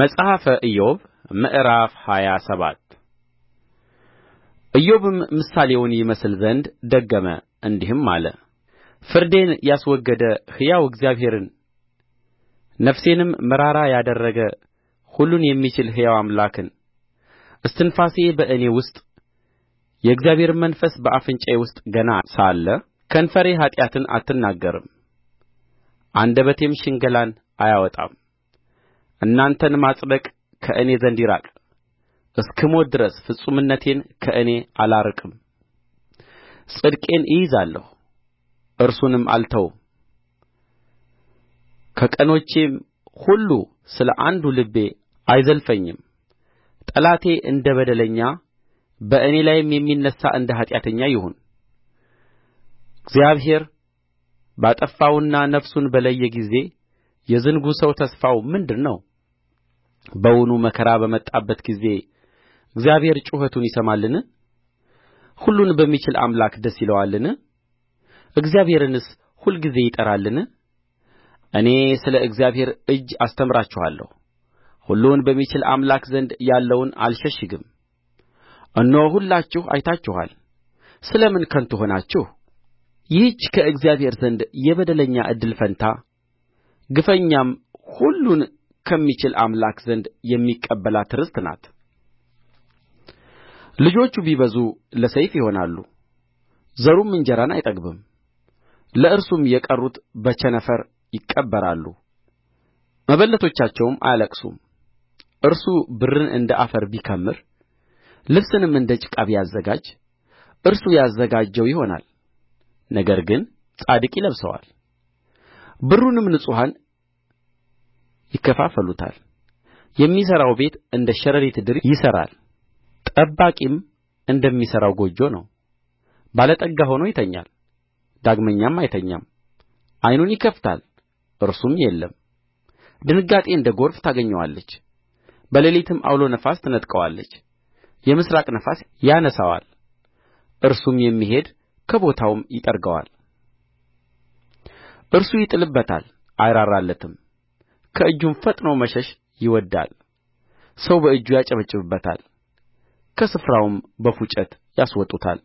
መጽሐፈ ኢዮብ ምዕራፍ ሃያ ሰባት ኢዮብም ምሳሌውን ይመስል ዘንድ ደገመ እንዲህም አለ ፍርዴን ያስወገደ ሕያው እግዚአብሔርን ነፍሴንም መራራ ያደረገ ሁሉን የሚችል ሕያው አምላክን እስትንፋሴ በእኔ ውስጥ የእግዚአብሔር መንፈስ በአፍንጫዬ ውስጥ ገና ሳለ ከንፈሬ ኃጢአትን አትናገርም አንደበቴም ሽንገላን አያወጣም እናንተን ማጽደቅ ከእኔ ዘንድ ይራቅ እስክሞት ድረስ ፍጹምነቴን ከእኔ አላርቅም ጽድቄን እይዛለሁ እርሱንም አልተውም ከቀኖቼም ሁሉ ስለ አንዱ ልቤ አይዘልፈኝም ጠላቴ እንደ በደለኛ በእኔ ላይም የሚነሣ እንደ ኃጢአተኛ ይሁን እግዚአብሔር ባጠፋውና ነፍሱን በለየ ጊዜ የዝንጉ ሰው ተስፋው ምንድር ነው በውኑ መከራ በመጣበት ጊዜ እግዚአብሔር ጩኸቱን ይሰማልን ሁሉን በሚችል አምላክ ደስ ይለዋልን እግዚአብሔርንስ ሁልጊዜ ይጠራልን እኔ ስለ እግዚአብሔር እጅ አስተምራችኋለሁ ሁሉን በሚችል አምላክ ዘንድ ያለውን አልሸሽግም እነሆ ሁላችሁ አይታችኋል ስለ ምን ከንቱ ሆናችሁ ይህች ከእግዚአብሔር ዘንድ የበደለኛ እድል ፈንታ ግፈኛም ሁሉን ከሚችል አምላክ ዘንድ የሚቀበላት ርስት ናት ልጆቹ ቢበዙ ለሰይፍ ይሆናሉ ዘሩም እንጀራን አይጠግብም ለእርሱም የቀሩት በቸነፈር ይቀበራሉ መበለቶቻቸውም አያለቅሱም እርሱ ብርን እንደ አፈር ቢከምር ልብስንም እንደ ጭቃ ቢያዘጋጅ እርሱ ያዘጋጀው ይሆናል ነገር ግን ጻድቅ ይለብሰዋል ብሩንም ንጹሐን ይከፋፈሉታል የሚሠራው ቤት እንደ ሸረሪት ድር ይሠራል ጠባቂም እንደሚሠራው ጎጆ ነው ባለጠጋ ሆኖ ይተኛል ዳግመኛም አይተኛም ዓይኑን ይከፍታል እርሱም የለም ድንጋጤ እንደ ጎርፍ ታገኘዋለች በሌሊትም ዐውሎ ነፋስ ትነጥቀዋለች የምሥራቅ ነፋስ ያነሣዋል እርሱም የሚሄድ ከቦታውም ይጠርገዋል እርሱ ይጥልበታል አይራራለትም ከእጁም ፈጥኖ መሸሽ ይወድዳል ሰው በእጁ ያጨበጭብበታል ከስፍራውም በፉጨት ያስወጡታል